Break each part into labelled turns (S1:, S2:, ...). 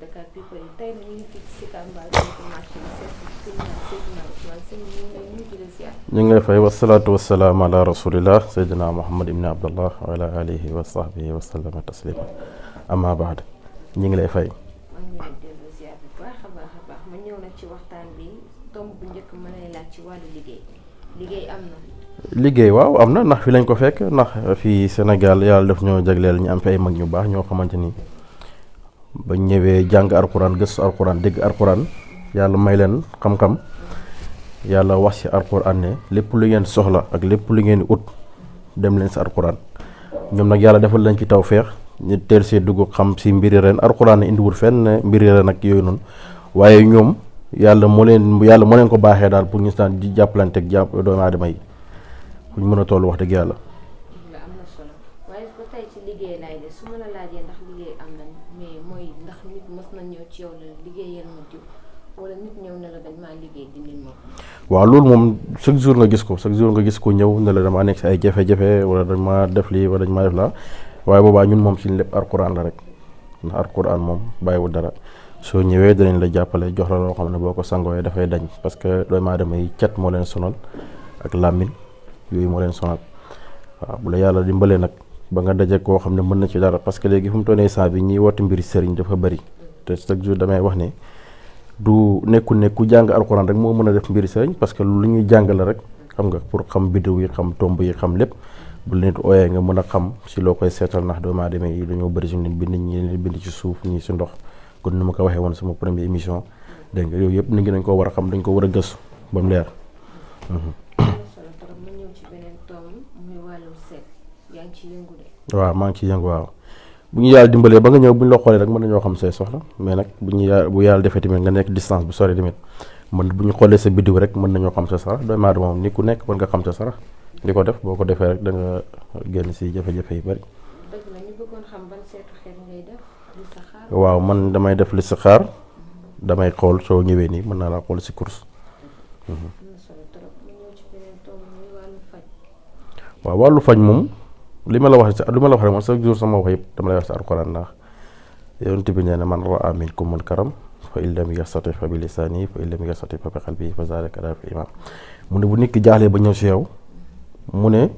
S1: Dakar People yi tey nag ñu ngi lay nuyu fay wasalaatu wasalaam ala rasulillah Seydina Mouhamad ibni Abdallah wa ala wa sahbihi wa sallama taslima amma ñu ngi lay fay. liggéey liggéey am waaw am na ndax fi lañ ko fekk ndax fii Sénégal yàlla daf ñoo jagleel ñu am fi ay mag ñu baax ñoo xamante ni. ba ñëwee jàng alxuraan gëstu alxuraan dégg alxuraan yàlla may leen xam-xam yàlla wax ci alxuraan ne lépp lu ngeen soxla ak lépp lu ngeen ut dem leen si alxuraan ñoom nag yàlla defal leen ci tawféex ñu teel see dugg xam si mbiri ren alxuraan indiwul fenn mbiri ren ak yooyu noonu waaye ñoom yàlla moo leen yàlla moo leen ko baaxee daal pour ñu si naan di jàppalanteeg jàpp doomu aadama yi fu ñu mën a toll wax dëgg yàlla. liggéey laay de su ma la laajee ndax liggéey am na mais mooy ndax nit mës na ñëw ci yow la liggéey dindi ma. loolu moom chaque jour nga gis ko chaque jour nga gis ko ñëw ne la damaa nekk si ay jafe-jafe wala dañ ma def lii wala dañ maa def laa waaye boobaa ñun moom suñu lépp alxuraan la rek ndax alxuraan moom bàyyiwul dara soo ñëwee danañ la jàppale jox la loo xam ne boo ko sangooyee dafay dañ parce que doomu aadama yi cat moo leen sonal ak làmmiñ yooyu moo nag ba nga dajee koo xam ne mën na ci dara parce que léegi fu mu toll saa bi ñuy woote mbiri sëriñ dafa bëri te chaque jour damay wax ne du nekku ne ku jàng alxuraan rek moo mën a def mbiri sëriñ parce que lu ñuy jàng la rek xam nga pour xam biddiw yi xam tomb yi xam lépp bu la nit ooyee nga mën a xam si loo koy seetal ndax doomu demee yi dañoo bari suñu leen bind ñi leen bind ci suuf ñii si ndox kon nu ma ko waxee woon sama première émission dégg nga yooyu yëpp nit ñi dañ ko a xam dañ ko war a gëstu ba mu leer waaw maa ngi ciy yëngu waaw bu ñu yàlla dimbalee ba nga ñëw bu ñu la xoolee rek mën nañoo xam say soxla mais nag bu ñu yàlla bu yàlla defee tamit nga nekk distance bu sori tamit man bu ñu xoolee sa biddiw rek mën nañoo xam sa sarax doomu aadama moom ni ku nekk mën nga xam sa sarax di ko def boo ko defee rek da nga génn si jafe-jafe yu bari. dëgg la ñu def listixaar. waaw man damay def listixaar mhm. damay xool soo ñëwee nii mën naa laa xool si course. waaw wàllu faj moom li ma la wax li ma la wax rek man chaque jour sama wax yëpp dama lay wax si alxuraan ndax yonent bi nee na man raa minkum munkaram fa in lam yastati fa bi lisaani fa in lam yastati fa bi fa zalika adaful iman mu ne bu nit ki jaaxlee ba ñëw si yow mu ne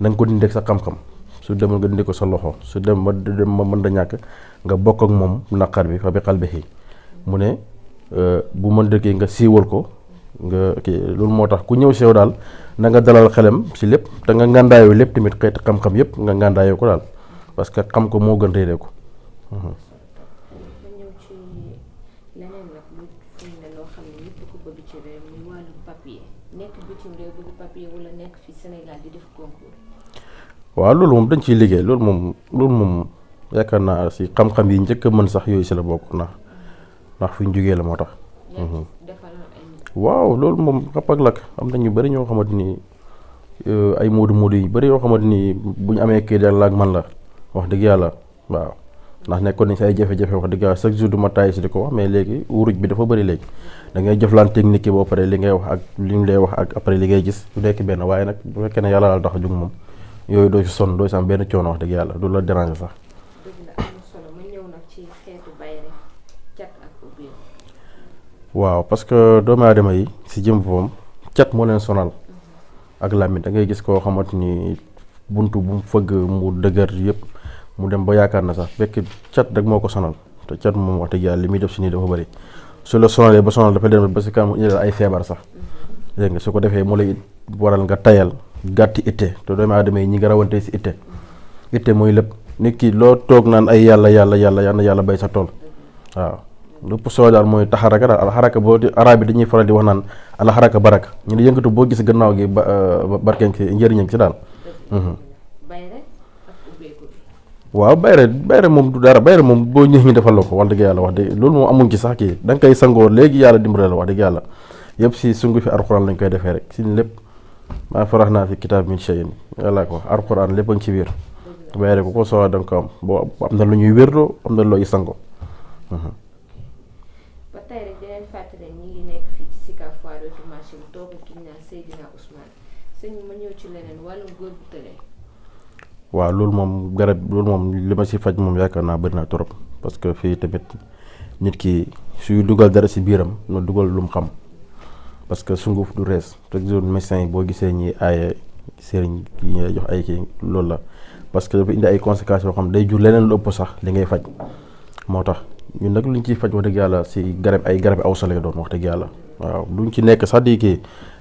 S1: na ko dindi ak sa xam-xam su dem nga dindi ko sa loxo su dem ma dem ma mën da ñàkk nga bokk ak moom naqar bi fa bi mu ne euh, bu mën dëkkee nga siiwal ko. nga kii loolu moo tax ku ñëw si daal na nga dalal xelam si lépp te nga ngàndaayoo lépp tamit xeeti xam-xam yëpp nga ngàndaayoo ko daal parce que xam ko moo gën mhm. waaw loolu moom dañ ciy liggéey loolu moom loolu moom si xam yi njëkk a mën sax yooyu si la bokk ndax ndax fi ñu la moo tax. Mhm. waaw loolu moom rap ak lakk am na ñu bëri ñoo xamante ni euh, ay moodu-moodu yu bari yoo xamante ni bu ñu amee kii yàlla ak man la wax dëgg yàlla waaw ndax nekkoon nañ si ay jafe-jafe wax dëgg yàlla chaque jour du ma taay si di ko wax mais léegi wuruj bi dafa bëri léegi da ngay jëflaan technique yi boo paree li ngay wax ak li ñu lay wax ak après li ngay gis du nekk benn waaye nag bu fekkee ne yàlla la a jug moom yooyu doo si sonn doo si am benn coono wax dëgg yàlla du la déranger sax. waaw parce que doomu aadama yi si jëm boom cat moo leen sonal ak làmmiñ da ngay gis koo xamante ni buntu bu mu fëgg mu dëgër yëpp mu dem ba yaakaar na sax fekk cat rek moo ko sonal te cat moom wax dëgg yàlla li muy def si nii dafa bëri su la sonalee ba sonal dafa dem ba si kanam indil ay feebar sax dégg nga su ko defee mu lay waral nga tayal gàtti itte te doomu aadama yi ñi nga rawante si itte itte mooy lépp nit ki loo toog naan ay yàlla yàlla yàlla yàlla yàlla bay sa tool waaw. lépp sooy daal mooy taxaraka daal alxaraka boo arab yi dañuy faral di wax naan alxaraka baraka ñu ne yënkatu boo gis gannaaw gi ba euh, barkeen ci njëriñam ci daal. Mhm. waaw bayre bayre moom du dara bayre moom boo ñëwee ñu defal la ko wax dëgg yàlla wax dëgg loolu moom amuñ ci sax ki da nga koy sangoo léegi yàlla dimbale la wax dëgg yàlla yëpp si sungu fi alxuraan lañ koy defee rek si lépp maa farax naa fi kitaab min shay'in yàlla ko alxuraan lépp a ngi ci biir bayre ko soxla da ko am boo am lu ñuy wérdoo am na looy sango mhm. waaw loolu moom garab loolu moom li ma si faj moom yaakaar naa bëri na trop parce que fii tamit nit ki suy dugal dara si biiram na dugal lum xam parce que sunguf du rees chaque jour médecin boo gisee ñi aaye sëriñ ki ngay jox ay kii loolu la parce que dafa indi ay conséquences yoo xam day jur leneen lu ëpp sax li ngay faj moo tax ñun nag luñ ciy faj wax dëgg yàlla si garab ay garab aw sa lay doon wax dëgg yàlla waaw luñ ci nekk sax di kii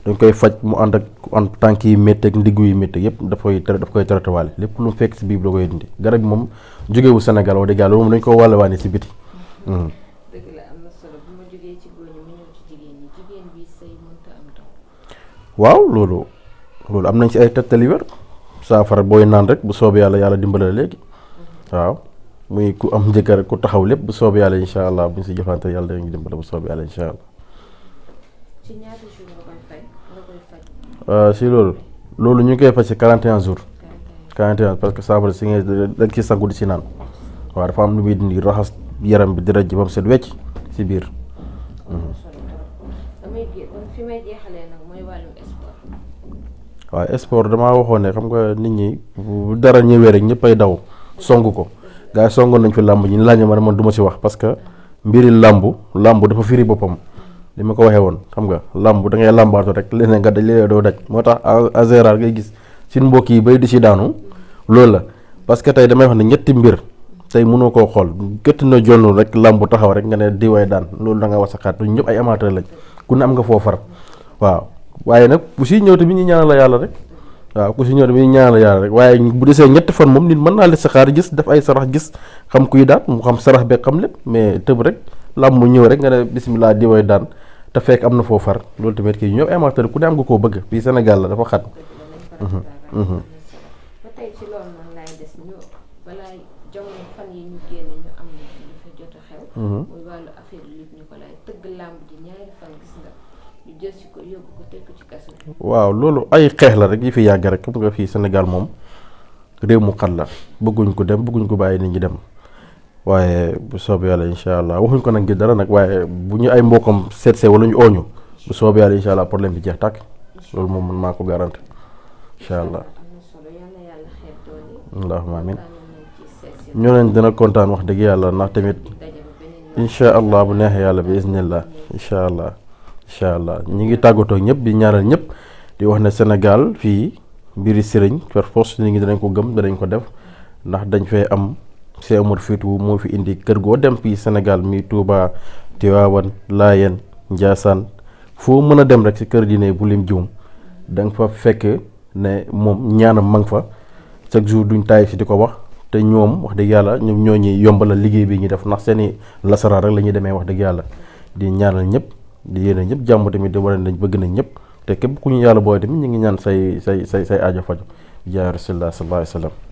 S1: dañ koy faj mu ànd ak en tànk yi métti ak ndiggu yi métti yëpp daf koy koy traité waale lépp lu mu fekk si biir la koy dindi garab bi moom jógewu Sénégal wax moom dañ ko wàllewaane si biti. Hmm. waaw loolu loolu am nañ si ay tegtal yu saafara booy naan rek bu soobee yàlla yàlla dimbale léegi mm-hmm. waaw. muy ku am jëkkër ku taxaw lépp bu soobee yàlla incha allah bu ñu si jëflante yàlla dañuy dimbale bu soobee yàlla incha allah. Euh, si loolu loolu ñu ngi koy faj si 41 jours 41 parce que saabu si ngay da nga ciy sangu di si naan waaw dafa am lu muy dindi raxas yaram bi dërëj ji ba mu set wecc si biir. Mhm. waaw sport damaa waxoon ne xam nga nit ñi bu dara ñëwee rek ñëppay daw song ko gars yi songoon nañ fi làmb ñi laaj ma ne man duma ma si wax parce que mbiri làmb làmb dafa fiiri boppam. li ma ko waxee woon xam nga làmb da ngay làmbaatu rek leneen nga daj leneen doo daj moo tax azérar ngay gis suñ mbokk yi ba di si daanu loolu la parce que tey damay wax ne ñetti mbir tey mënoo koo xool gëtt na jonn rek làmb taxaw rek nga ne diwaay daan loolu da nga wax sa xaat ñun ñëpp ay amateur lañ ku ne am nga foo far waaw waaye nag ku si ñëw tamit ñu ñaanal la yàlla rek waaw ku si ñëw bi ñu ñaanal la yàlla rek waaye bu desee ñetti fan moom nit mën naa li gis def ay sarax gis xam kuy daan mu xam sarax be xam lépp mais tëb rek làmb ñëw rek nga ne bisimilah diwaay te fekk am na foo far loolu tamit ki ñoo amateur ku ne am nga koo bëgg fii Sénégal la dafa xat a xew mhm. muy waaw loolu ay xeex la rek yi fi yàgg rek xam nga fii Sénégal moom réew mu xat la bëgguñ ko dem bëgguñ ko bàyyi nit ñi dem waaye bu soobee yàlla incha allah waxuñ ko nag ngir dara nag waaye bu ñu ay mbokkam seet see wala ñu ooñu bu soobee yàlla incha allah problème bi jeex tàkk loolu moom man maa ko garanti incha allah. allahumma amin ñoo leen dina kontaan wax dëgg yàlla ndax tamit incha allah bu neexee yàlla bi iznillah incha allah incha allah ñi ngi tàggatoo ñëpp di ñaanal ñëpp di wax ne senegal fii mbiri sëriñ par force nit ñi danañ ko gëm danañ ko def ndax dañ fee am. Cheikh Omar Foutiyou moo fi indi kër goo dem fii Sénégal mi Touba Tivaouane Layène Ndiassane foo mën a dem rek si kër diine bu lim juum danga fa fekk ne moom ñaana ma nga fa chaque jour duñ taay si di ko wax te ñoom wax dëgg yàlla ñoom ñoo ñuy yombalal liggéey bi ñu def ndax seeni lasaraar rek la ñuy demee wax dëgg yàlla di ñaanal ñëpp di yéene ñëpp jàmm tamit di wane nañ bëgg nañ ñëpp te képp ku ñu yàlla booy tamit ñu ngi ñaan say say say say aajo faju jaay rasulullah